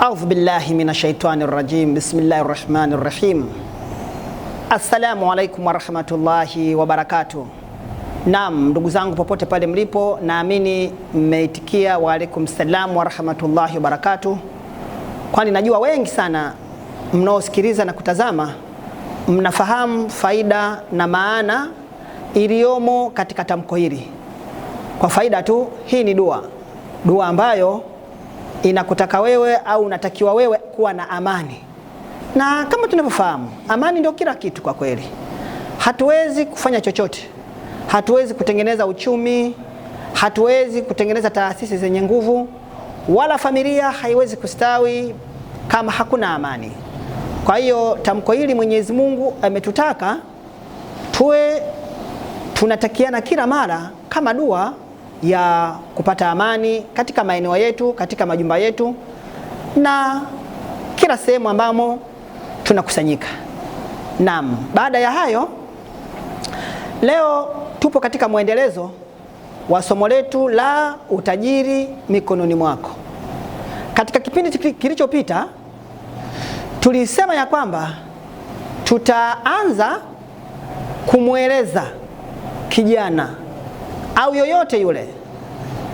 Audhu billahi shaitani rajim. Bismillahi rahmani rahim. Assalamu alaikum warahmatullahi wabarakatuh. Naam, ndugu zangu popote pale mlipo, naamini mmeitikia wa waalaikum salam warahmatullahi wabarakatuh, kwani najua wengi sana mnaosikiliza na kutazama mnafahamu faida na maana iliyomo katika tamko hili. Kwa faida tu, hii ni dua, dua ambayo inakutaka wewe au unatakiwa wewe kuwa na amani, na kama tunavyofahamu amani ndio kila kitu kwa kweli. Hatuwezi kufanya chochote, hatuwezi kutengeneza uchumi, hatuwezi kutengeneza taasisi zenye nguvu, wala familia haiwezi kustawi kama hakuna amani. Kwa hiyo tamko hili Mwenyezi Mungu ametutaka tuwe tunatakiana kila mara kama dua ya kupata amani katika maeneo yetu, katika majumba yetu na kila sehemu ambamo tunakusanyika. Naam, baada ya hayo leo tupo katika mwendelezo wa somo letu la utajiri mikononi mwako. Katika kipindi kilichopita tulisema ya kwamba tutaanza kumweleza kijana au yoyote yule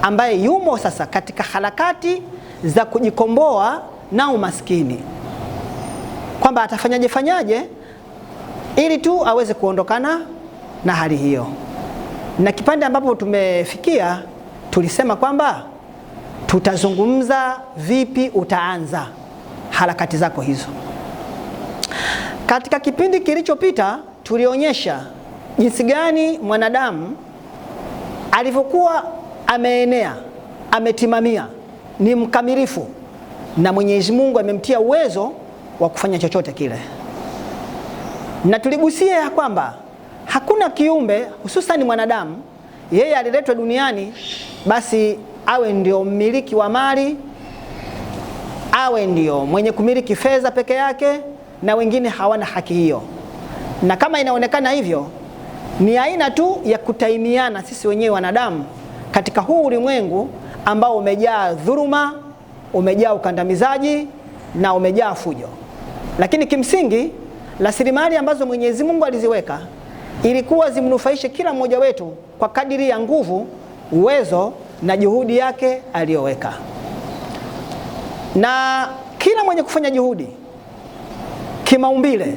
ambaye yumo sasa katika harakati za kujikomboa na umaskini, kwamba atafanyaje fanyaje ili tu aweze kuondokana na hali hiyo. Na kipande ambapo tumefikia, tulisema kwamba tutazungumza vipi utaanza harakati zako hizo. Katika kipindi kilichopita, tulionyesha jinsi gani mwanadamu alivyokuwa ameenea, ametimamia, ni mkamilifu na Mwenyezi Mungu amemtia uwezo wa kufanya chochote kile. Na tuligusia ya kwamba hakuna kiumbe hususan mwanadamu, yeye aliletwa duniani basi awe ndio mmiliki wa mali, awe ndio mwenye kumiliki fedha peke yake, na wengine hawana haki hiyo. Na kama inaonekana hivyo, ni aina tu ya kutaimiana sisi wenyewe wanadamu katika huu ulimwengu ambao umejaa dhuluma, umejaa ukandamizaji na umejaa fujo. Lakini kimsingi rasilimali ambazo Mwenyezi Mungu aliziweka ilikuwa zimnufaishe kila mmoja wetu kwa kadiri ya nguvu, uwezo na juhudi yake aliyoweka, na kila mwenye kufanya juhudi kimaumbile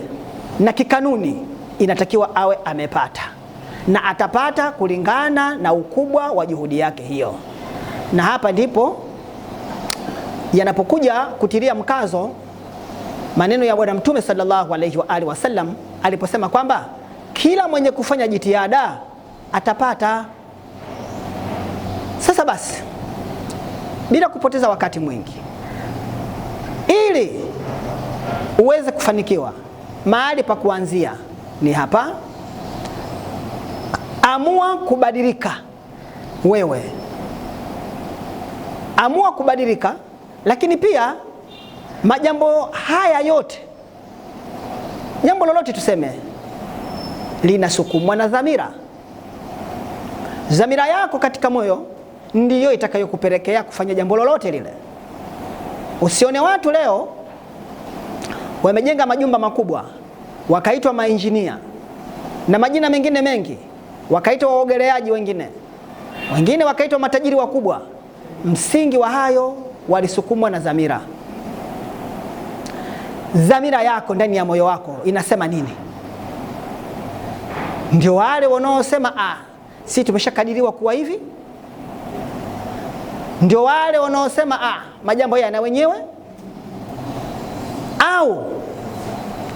na kikanuni inatakiwa awe amepata na atapata kulingana na ukubwa wa juhudi yake hiyo. Na hapa ndipo yanapokuja kutilia mkazo maneno ya Bwana Mtume sallallahu alaihi wa alihi wasallam aliposema kwamba kila mwenye kufanya jitihada atapata. Sasa basi, bila kupoteza wakati mwingi, ili uweze kufanikiwa, mahali pa kuanzia ni hapa. Amua kubadilika wewe, amua kubadilika. Lakini pia majambo haya yote, jambo lolote tuseme linasukumwa na dhamira. Dhamira yako katika moyo ndiyo itakayokupelekea kufanya jambo lolote lile. Usione watu leo wamejenga majumba makubwa wakaitwa mainjinia na majina mengine mengi wakaitwa waogeleaji, wengine wengine wakaitwa matajiri wakubwa. Msingi wa hayo walisukumwa na dhamira. Dhamira yako ndani ya moyo wako inasema nini? Ndio wale wanaosema ah, si tumeshakadiriwa kuwa hivi. Ndio wale wanaosema ah, majambo haya na wenyewe. Au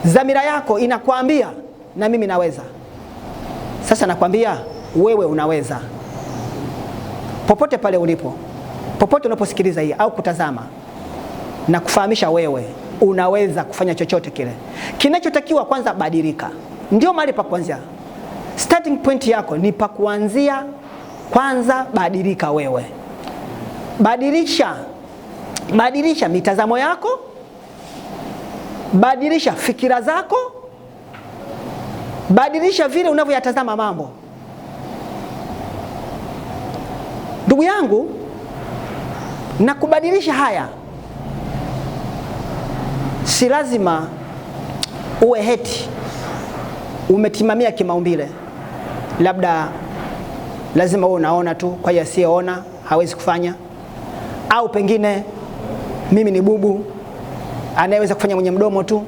dhamira yako inakwambia na mimi naweza. Sasa nakwambia wewe unaweza, popote pale ulipo, popote unaposikiliza hii au kutazama, na kufahamisha wewe unaweza kufanya chochote kile. Kinachotakiwa kwanza, badilika. Ndio mahali pa kuanzia, starting point yako ni pa kuanzia. Kwanza badilika wewe, badilisha, badilisha mitazamo yako, badilisha fikira zako Badilisha vile unavyoyatazama mambo. Ndugu yangu, na kubadilisha haya, si lazima uwe heti umetimamia kimaumbile, labda lazima uwe unaona tu, kwa hiyo asiyeona hawezi kufanya, au pengine mimi ni bubu anayeweza kufanya mwenye mdomo tu.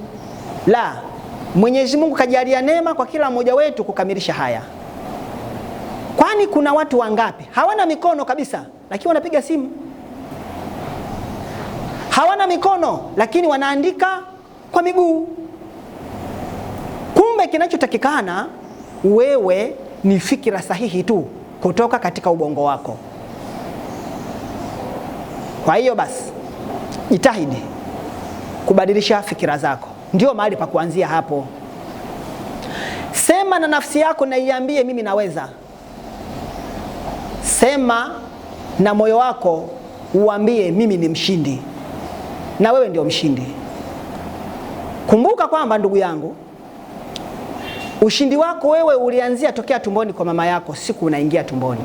La. Mwenyezi Mungu kajalia neema kwa kila mmoja wetu kukamilisha haya. Kwani kuna watu wangapi hawana mikono kabisa, lakini wanapiga simu? Hawana mikono lakini wanaandika kwa miguu. Kumbe kinachotakikana wewe ni fikira sahihi tu kutoka katika ubongo wako. Kwa hiyo basi, jitahidi kubadilisha fikira zako. Ndio mahali pa kuanzia hapo. Sema na nafsi yako na iambie, mimi naweza. Sema na moyo wako uambie, mimi ni mshindi, na wewe ndio mshindi. Kumbuka kwamba ndugu yangu, ushindi wako wewe ulianzia tokea tumboni kwa mama yako, siku unaingia tumboni.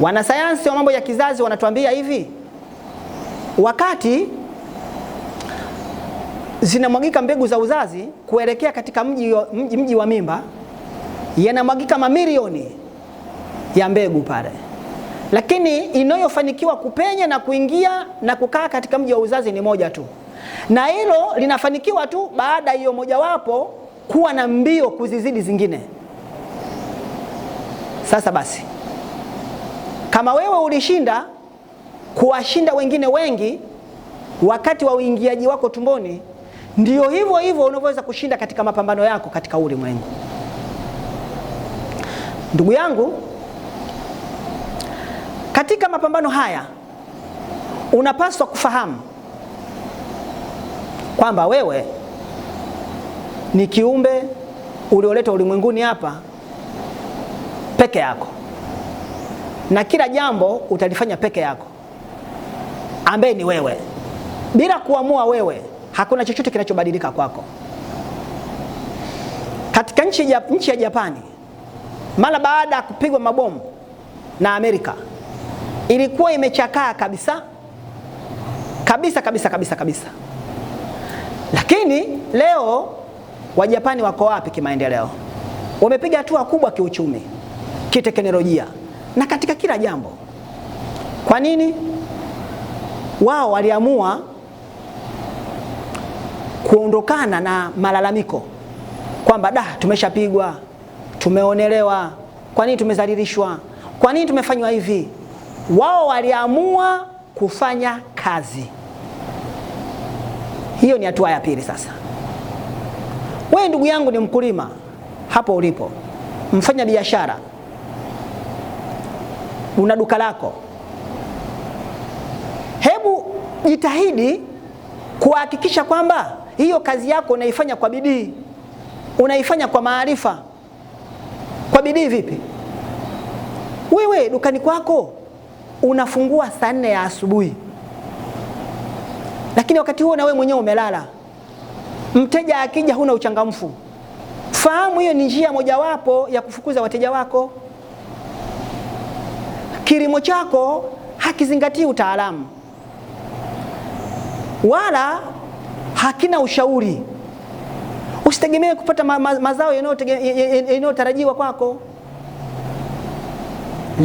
Wanasayansi wa mambo ya kizazi wanatuambia hivi wakati zinamwagika mbegu za uzazi kuelekea katika mji, mji, mji wa mimba, yanamwagika mamilioni ya mbegu pale, lakini inayofanikiwa kupenya na kuingia na kukaa katika mji wa uzazi ni moja tu, na hilo linafanikiwa tu baada hiyo mojawapo kuwa na mbio kuzizidi zingine. Sasa basi, kama wewe ulishinda kuwashinda wengine wengi wakati wa uingiaji wako tumboni ndio hivyo hivyo unavyoweza kushinda katika mapambano yako katika ulimwengu. Ndugu yangu, katika mapambano haya unapaswa kufahamu kwamba wewe ni kiumbe ulioletwa ulimwenguni hapa peke yako, na kila jambo utalifanya peke yako, ambaye ni wewe, bila kuamua wewe hakuna chochote kinachobadilika kwako. Katika nchi ya, nchi ya Japani mara baada ya kupigwa mabomu na Amerika ilikuwa imechakaa kabisa kabisa kabisa kabisa kabisa, lakini leo Wajapani wako wapi kimaendeleo? Wamepiga hatua kubwa kiuchumi, kiteknolojia na katika kila jambo. Kwa nini? Wao waliamua kuondokana na malalamiko kwamba da, tumeshapigwa, tumeonelewa, kwa nini tumezalilishwa, kwa nini tumefanywa hivi. Wao waliamua kufanya kazi. Hiyo ni hatua ya pili. Sasa wewe ndugu yangu, ni mkulima hapo ulipo, mfanya biashara, una duka lako, hebu jitahidi kuhakikisha kwamba hiyo kazi yako unaifanya kwa bidii, unaifanya kwa maarifa. Kwa bidii vipi? Wewe dukani kwako unafungua saa nne ya asubuhi, lakini wakati huo na wewe mwenyewe umelala. Mteja akija, huna uchangamfu. Fahamu hiyo ni njia mojawapo ya kufukuza wateja wako. Kilimo chako hakizingatii utaalamu wala hakina ushauri. Usitegemee kupata ma ma mazao yanayotarajiwa kwako.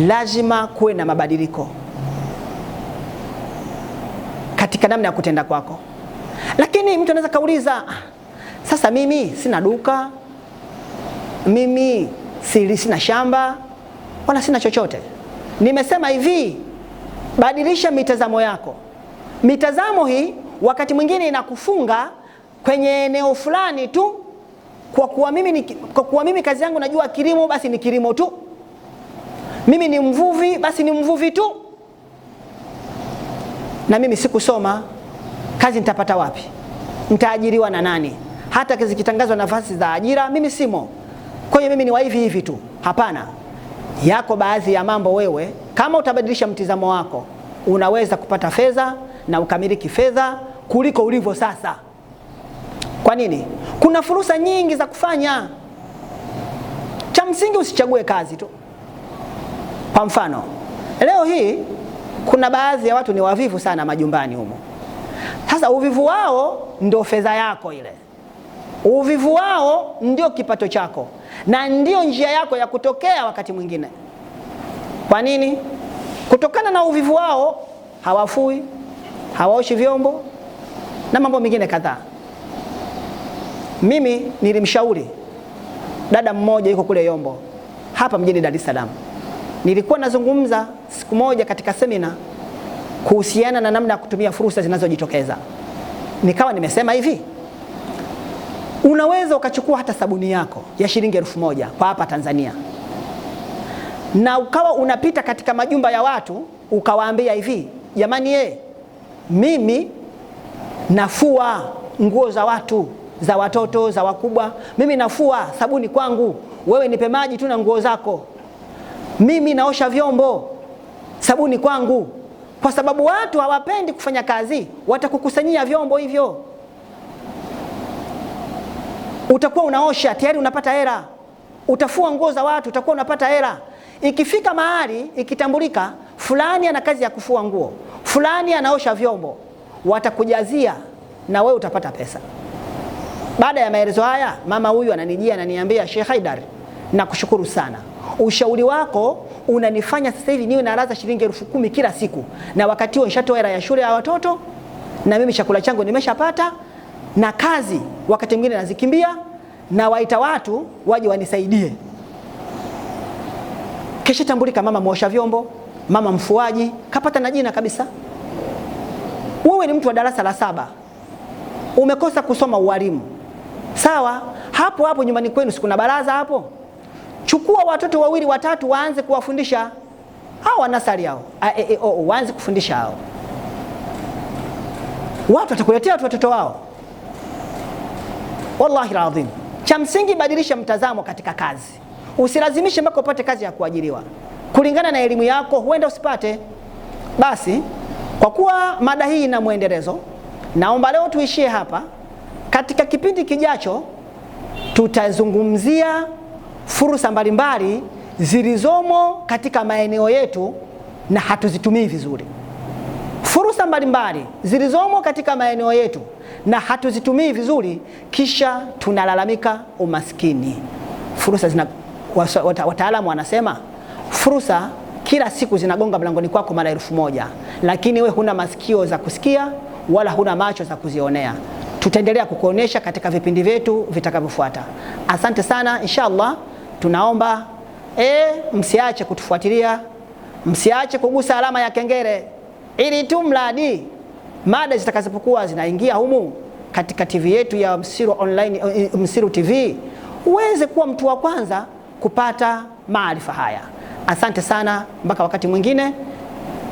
Lazima kuwe na mabadiliko katika namna ya kutenda kwako. Lakini mtu anaweza kauliza, sasa mimi sina duka, mimi sina shamba wala sina chochote. Nimesema hivi, badilisha mitazamo yako. Mitazamo hii wakati mwingine inakufunga kwenye eneo fulani tu, kwa kuwa mimi ni, kwa kuwa mimi kazi yangu najua kilimo, basi ni kilimo tu. Mimi ni mvuvi, basi ni mvuvi tu. Na mimi sikusoma, kazi nitapata wapi? Nitaajiriwa na nani? Hata zikitangazwa nafasi za ajira mimi simo, kwa hiyo mimi ni wa hivi hivi tu. Hapana, yako baadhi ya mambo wewe, kama utabadilisha mtizamo wako, unaweza kupata fedha na ukamiliki fedha kuliko ulivyo sasa. Kwa nini? Kuna fursa nyingi za kufanya. Cha msingi usichague kazi tu. Kwa mfano, leo hii kuna baadhi ya watu ni wavivu sana majumbani humo. Sasa uvivu wao ndio fedha yako ile, uvivu wao ndio kipato chako na ndio njia yako ya kutokea wakati mwingine. Kwa nini? Kutokana na uvivu wao hawafui, hawaoshi vyombo na mambo mengine kadhaa. Mimi nilimshauri dada mmoja yuko kule Yombo hapa mjini Dar es Salaam. Nilikuwa nazungumza siku moja katika semina kuhusiana na namna ya kutumia fursa zinazojitokeza. Nikawa nimesema hivi, unaweza ukachukua hata sabuni yako ya shilingi elfu moja kwa hapa Tanzania, na ukawa unapita katika majumba ya watu ukawaambia hivi, jamani, ye eh, mimi nafua nguo za watu za watoto za wakubwa, mimi nafua sabuni kwangu, wewe nipe maji tu na nguo zako. Mimi naosha vyombo, sabuni kwangu, kwa sababu watu hawapendi kufanya kazi, watakukusanyia vyombo hivyo, utakuwa unaosha tayari unapata hera, utafua nguo za watu utakuwa unapata hera. Ikifika mahali ikitambulika, fulani ana kazi ya kufua nguo, fulani anaosha vyombo watakujazia na wewe utapata pesa. Baada ya maelezo haya, mama huyu ananijia ananiambia, Sheikh Haidar, nakushukuru sana, ushauri wako unanifanya sasa hivi niwe na raza shilingi elfu kumi kila siku, na wakati huo nishatoa hela ya shule ya watoto, na mimi chakula changu nimeshapata, na kazi wakati mwingine nazikimbia, na waita watu waje wanisaidie. Kisha tambulika mama mwosha vyombo, mama mfuaji, kapata na jina kabisa. Wewe ni mtu wa darasa la saba umekosa kusoma ualimu, sawa? Hapo hapo nyumbani kwenu, sikuna baraza hapo? Chukua watoto wawili watatu, waanze kuwafundisha hao wanasari hao, a e e waanze kufundisha hao watu, watakuletea watu watoto wao. Wallahi alazim, cha msingi badilisha mtazamo katika kazi. Usilazimishe mpaka upate kazi ya kuajiriwa. Kulingana na elimu yako, huenda usipate. Basi kwa kuwa mada hii ina mwendelezo, naomba leo tuishie hapa. Katika kipindi kijacho, tutazungumzia fursa mbalimbali zilizomo katika maeneo yetu na hatuzitumii vizuri. Fursa mbalimbali zilizomo katika maeneo yetu na hatuzitumii vizuri, kisha tunalalamika umaskini. Fursa zina wataalamu wanasema fursa kila siku zinagonga mlangoni kwako mara elfu moja, lakini we huna masikio za kusikia wala huna macho za kuzionea. Tutaendelea kukuonesha katika vipindi vyetu vitakavyofuata. Asante sana, inshallah. Tunaomba e, msiache kutufuatilia, msiache kugusa alama ya kengele, ili tu mradi mada zitakazopokuwa zinaingia humu katika TV yetu ya Msiru Online, eh, Msiru TV uweze kuwa mtu wa kwanza kupata maarifa haya. Asante sana, mpaka wakati mwingine.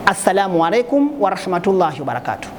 Assalamu alaikum warahmatullahi wabarakatuh.